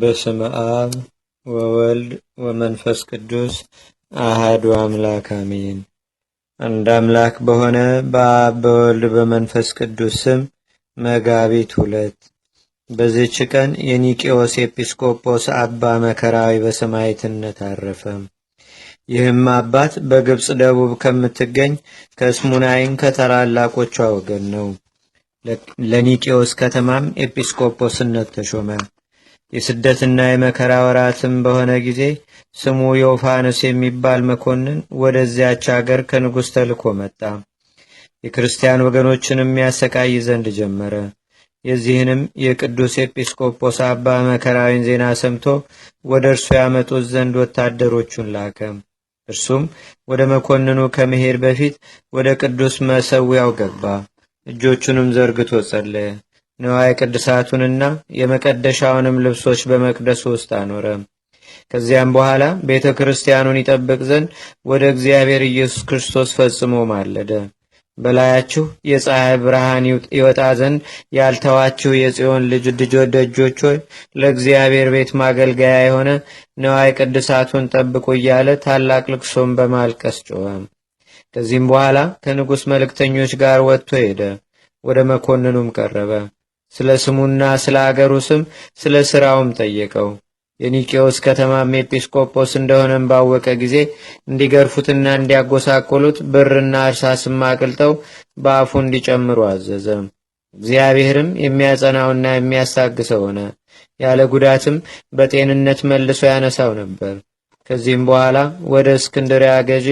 በስመ አብ ወወልድ ወመንፈስ ቅዱስ አህዱ አምላክ አሜን። አንድ አምላክ በሆነ በአብ በወልድ በመንፈስ ቅዱስ ስም መጋቢት ሁለት በዚህች ቀን የኒቄዎስ ኤጲስቆጶስ አባ መከራዊ በሰማዕትነት አረፈ። ይህም አባት በግብፅ ደቡብ ከምትገኝ ከስሙናይን ከታላላቆቿ ወገን ነው። ለኒቄዎስ ከተማም ኤጲስቆጶስነት ተሾመ። የስደትና የመከራ ወራትም በሆነ ጊዜ ስሙ ዮፋንስ የሚባል መኮንን ወደዚያች አገር ከንጉሥ ተልኮ መጣ። የክርስቲያን ወገኖችንም ያሰቃይ ዘንድ ጀመረ። የዚህንም የቅዱስ ኤጲስቆጶስ አባ መከራዊን ዜና ሰምቶ ወደ እርሱ ያመጡት ዘንድ ወታደሮቹን ላከ። እርሱም ወደ መኮንኑ ከመሄድ በፊት ወደ ቅዱስ መሰዊያው ገባ። እጆቹንም ዘርግቶ ጸለየ። ነዋይ ቅድሳቱንና የመቀደሻውንም ልብሶች በመቅደሱ ውስጥ አኖረ። ከዚያም በኋላ ቤተ ክርስቲያኑን ይጠብቅ ዘንድ ወደ እግዚአብሔር ኢየሱስ ክርስቶስ ፈጽሞ ማለደ። በላያችሁ የፀሐይ ብርሃን ይወጣ ዘንድ ያልተዋችሁ የጽዮን ልጅ ድጆ ደጆች ሆይ ለእግዚአብሔር ቤት ማገልገያ የሆነ ነዋይ ቅድሳቱን ጠብቁ እያለ ታላቅ ልቅሶን በማልቀስ ጮኸ። ከዚህም በኋላ ከንጉሥ መልእክተኞች ጋር ወጥቶ ሄደ። ወደ መኮንኑም ቀረበ። ስለ ስሙና ስለ አገሩ ስም ስለ ሥራውም ጠየቀው። የኒቄዎስ ከተማም ኤጲስቆጶስ እንደሆነም ባወቀ ጊዜ እንዲገርፉትና እንዲያጎሳቆሉት ብርና እርሳስም አቅልጠው በአፉ እንዲጨምሩ አዘዘ። እግዚአብሔርም የሚያጸናውና የሚያስታግሰው ሆነ። ያለ ጉዳትም በጤንነት መልሶ ያነሳው ነበር። ከዚህም በኋላ ወደ እስክንድሪያ ገዢ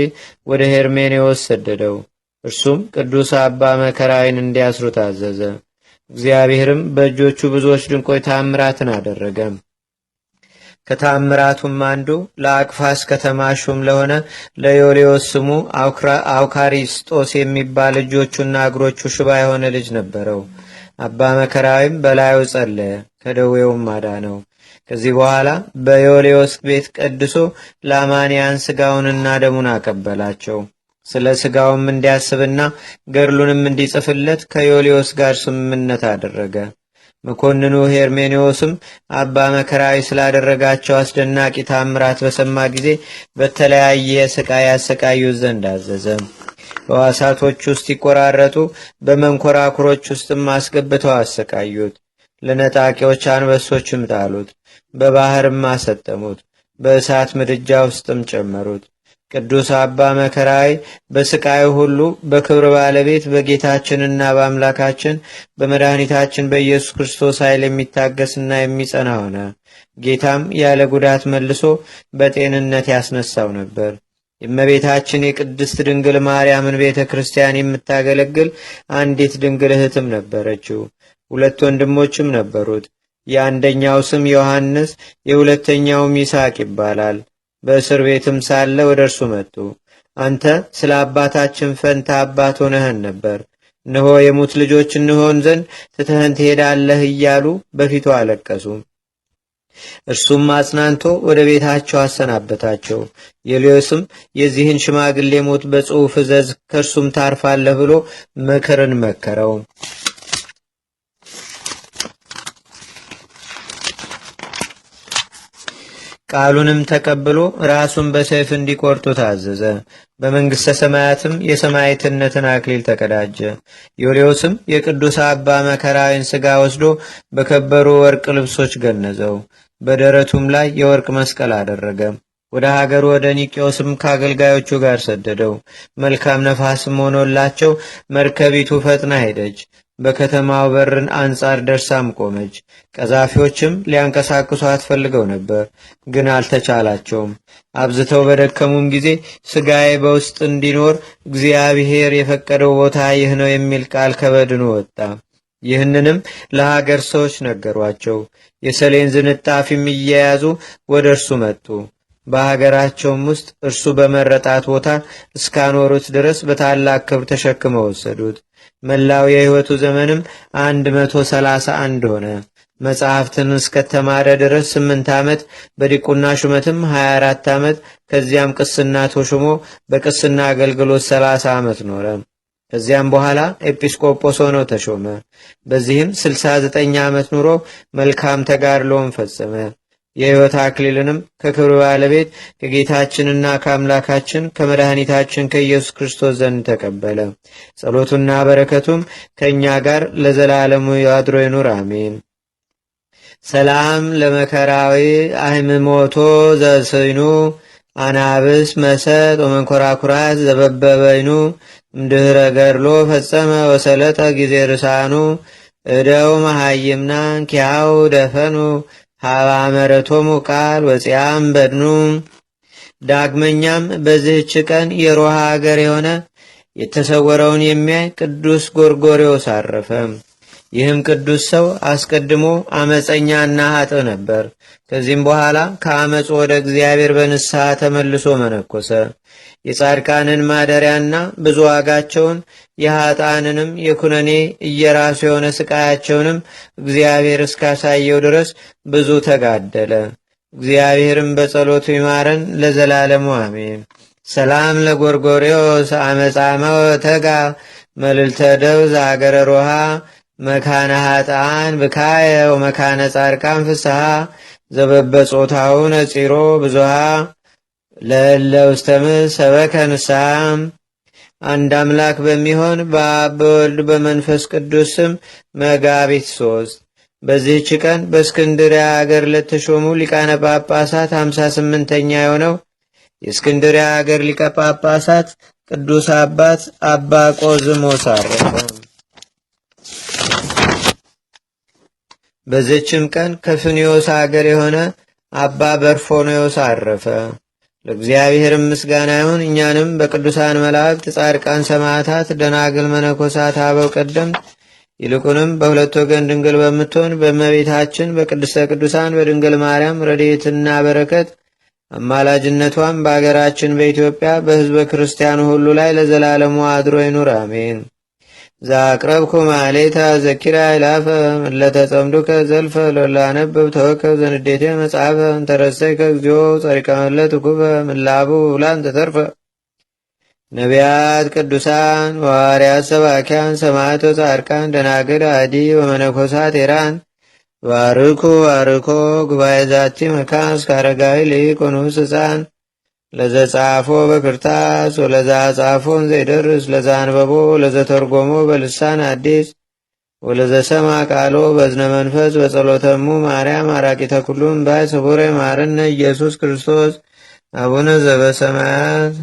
ወደ ሄርሜኔዎስ ሰደደው። እርሱም ቅዱስ አባ መከራዊን እንዲያስሩት አዘዘ። እግዚአብሔርም በእጆቹ ብዙዎች ድንቆይ ታምራትን አደረገ። ከታምራቱም አንዱ ለአቅፋስ ከተማ ሹም ለሆነ ለዮሌዎስ ስሙ አውካሪስጦስ የሚባል እጆቹና እግሮቹ ሽባ የሆነ ልጅ ነበረው። አባ መከራዊም በላዩ ጸለየ፣ ከደዌውም ነው። ከዚህ በኋላ በዮሌዎስ ቤት ቀድሶ ላማንያን ስጋውንና ደሙን አቀበላቸው። ስለ ስጋውም እንዲያስብና ገድሉንም እንዲጽፍለት ከዮልዮስ ጋር ስምምነት አደረገ። መኮንኑ ሄርሜኔዎስም አባ መከራዊ ስላደረጋቸው አስደናቂ ታምራት በሰማ ጊዜ በተለያየ ስቃይ ያሰቃዩት ዘንድ አዘዘ። በዋሳቶች ውስጥ ይቆራረጡ፣ በመንኮራኩሮች ውስጥም አስገብተው አሰቃዩት። ለነጣቂዎች አንበሶችም ጣሉት፣ በባህርም አሰጠሙት፣ በእሳት ምድጃ ውስጥም ጨመሩት። ቅዱስ አባ መከራይ በስቃዩ ሁሉ በክብር ባለቤት በጌታችንና በአምላካችን በመድኃኒታችን በኢየሱስ ክርስቶስ ኃይል የሚታገስና የሚጸና ሆነ። ጌታም ያለ ጉዳት መልሶ በጤንነት ያስነሳው ነበር። የእመቤታችን የቅድስት ድንግል ማርያምን ቤተ ክርስቲያን የምታገለግል አንዲት ድንግል እህትም ነበረችው። ሁለት ወንድሞችም ነበሩት። የአንደኛው ስም ዮሐንስ፣ የሁለተኛውም ይስሐቅ ይባላል። በእስር ቤትም ሳለ ወደ እርሱ መጡ። አንተ ስለ አባታችን ፈንታ አባት ሆነህን ነበር፣ እነሆ የሙት ልጆች እንሆን ዘንድ ትተህን ትሄዳለህ እያሉ በፊቱ አለቀሱ። እርሱም አጽናንቶ ወደ ቤታቸው አሰናበታቸው። የልዮስም የዚህን ሽማግሌ ሞት በጽሑፍ እዘዝ፣ ከእርሱም ታርፋለህ ብሎ ምክርን መከረው። ቃሉንም ተቀብሎ ራሱን በሰይፍ እንዲቆርጡ ታዘዘ። በመንግሥተ ሰማያትም የሰማዕትነትን አክሊል ተቀዳጀ። ዮልዮስም የቅዱስ አባ መከራዊን ሥጋ ወስዶ በከበሩ ወርቅ ልብሶች ገነዘው፣ በደረቱም ላይ የወርቅ መስቀል አደረገ። ወደ ሀገሩ ወደ ኒቄዎስም ከአገልጋዮቹ ጋር ሰደደው። መልካም ነፋስም ሆኖላቸው መርከቢቱ ፈጥና ሄደች። በከተማው በርን አንጻር ደርሳም ቆመች። ቀዛፊዎችም ሊያንቀሳቅሱ አትፈልገው ነበር፣ ግን አልተቻላቸውም። አብዝተው በደከሙም ጊዜ ስጋዬ በውስጥ እንዲኖር እግዚአብሔር የፈቀደው ቦታ ይህ ነው የሚል ቃል ከበድኑ ወጣ። ይህንንም ለሀገር ሰዎች ነገሯቸው። የሰሌን ዝንጣፊም እየያዙ ወደ እርሱ መጡ። በሀገራቸውም ውስጥ እርሱ በመረጣት ቦታ እስካኖሩት ድረስ በታላቅ ክብር ተሸክመው ወሰዱት። መላው የህይወቱ ዘመንም አንድ መቶ ሰላሳ አንድ ሆነ። መጽሐፍትን እስከተማረ ድረስ ስምንት አመት በዲቁና ሹመትም 24 አመት ከዚያም ቅስና ተሾሞ በቅስና አገልግሎት 30 አመት ኖረ። ከዚያም በኋላ ኤጲስቆጶስ ሆኖ ተሾመ። በዚህም 69 አመት ኑሮ መልካም ተጋድሎን ፈጸመ። የሕይወት አክሊልንም ከክብር ባለቤት ከጌታችንና ከአምላካችን ከመድኃኒታችን ከኢየሱስ ክርስቶስ ዘንድ ተቀበለ። ጸሎቱና በረከቱም ከእኛ ጋር ለዘላለሙ ያድሮ ይኑር፣ አሜን። ሰላም ለመከራዊ አህምሞቶ ዘስይኑ አናብስ መሰጥ ወመንኮራኩራት ዘበበበይኑ እምድህረ ገድሎ ፈጸመ ወሰለጠ ጊዜ ርሳኑ እደው መሃይምናን ኪያው ደፈኑ ሀባ መረቶሙ ቃል ወፂያም በድኑ። ዳግመኛም በዚህች ቀን የሮሃ አገር የሆነ የተሰወረውን የሚያይ ቅዱስ ጎርጎርዮስ አረፈ። ይህም ቅዱስ ሰው አስቀድሞ አመፀኛና ሀጥ ነበር። ከዚህም በኋላ ከአመፁ ወደ እግዚአብሔር በንስሐ ተመልሶ መነኮሰ። የጻድቃንን ማደሪያና ብዙ ዋጋቸውን የኃጥአንንም የኩነኔ እየራሱ የሆነ ስቃያቸውንም እግዚአብሔር እስካሳየው ድረስ ብዙ ተጋደለ። እግዚአብሔርም በጸሎቱ ይማረን ለዘላለሙ አሜን። ሰላም ለጎርጎርዮስ አመፃመው ተጋ መልልተ ደውዝ አገረ ሮሃ መካነ ኃጥአን ብካየው መካነ ጻድቃን ፍስሐ ዘበበጾታው ነጺሮ ብዙሃ ለእለ ሰበከ ንስሐም አንድ አምላክ በሚሆን በአብ በወልድ በመንፈስ ቅዱስ ስም መጋቢት ሶስት በዚህች ቀን በእስክንድሪያ አገር ለተሾሙ ሊቃነ ጳጳሳት ሃምሳ ስምንተኛ የሆነው የእስክንድሪያ አገር ሊቀ ጳጳሳት ቅዱስ አባት አባ ቆዝሞስ አረፈ። በዚችም ቀን ከፍንዮስ አገር የሆነ አባ በርፎኖዮስ አረፈ። ለእግዚአብሔርም ምስጋና ይሁን። እኛንም በቅዱሳን መላእክት፣ ጻድቃን፣ ሰማዕታት፣ ደናግል፣ መነኮሳት፣ አበው ቀደም ይልቁንም በሁለት ወገን ድንግል በምትሆን በእመቤታችን በቅድስተ ቅዱሳን በድንግል ማርያም ረድኤትና በረከት አማላጅነቷም በአገራችን በኢትዮጵያ በሕዝበ ክርስቲያኑ ሁሉ ላይ ለዘላለሙ አድሮ ይኑር፣ አሜን። ዛቅረብኩ ማሌታ ዘኪራ ይላፈ ለተጸምዱከ ዘልፈ ሎላነብብ ተወከብ ዘንዴቴ መጽሐፈ እንተረሰይከ እግዚኦ ጸሪቀ መለት ምላቡ ላን ተተርፈ ነቢያት ቅዱሳን ዋርያት ሰባኪያን ሰማዕቶ ጻድቃን ደናግል አዲ ወመነኮሳት ኤራን ባርኩ ባርኮ ጉባኤ ዛቲ መካን እስከ አረጋዊ ልቅ ንዑስ ሕፃን ለዘ ጻፎ በክርታስ ወለዛ ጻፎን ዘይደርስ ለዛ አንበቦ ለዘ ተርጎሞ በልሳን አዲስ ወለዘ ሰማ ቃሎ በዝነ መንፈስ በጸሎተሙ ማርያም አራቂ ተኩሉም ባይ ስቡረ ማርነ ኢየሱስ ክርስቶስ አቡነ ዘበሰማያት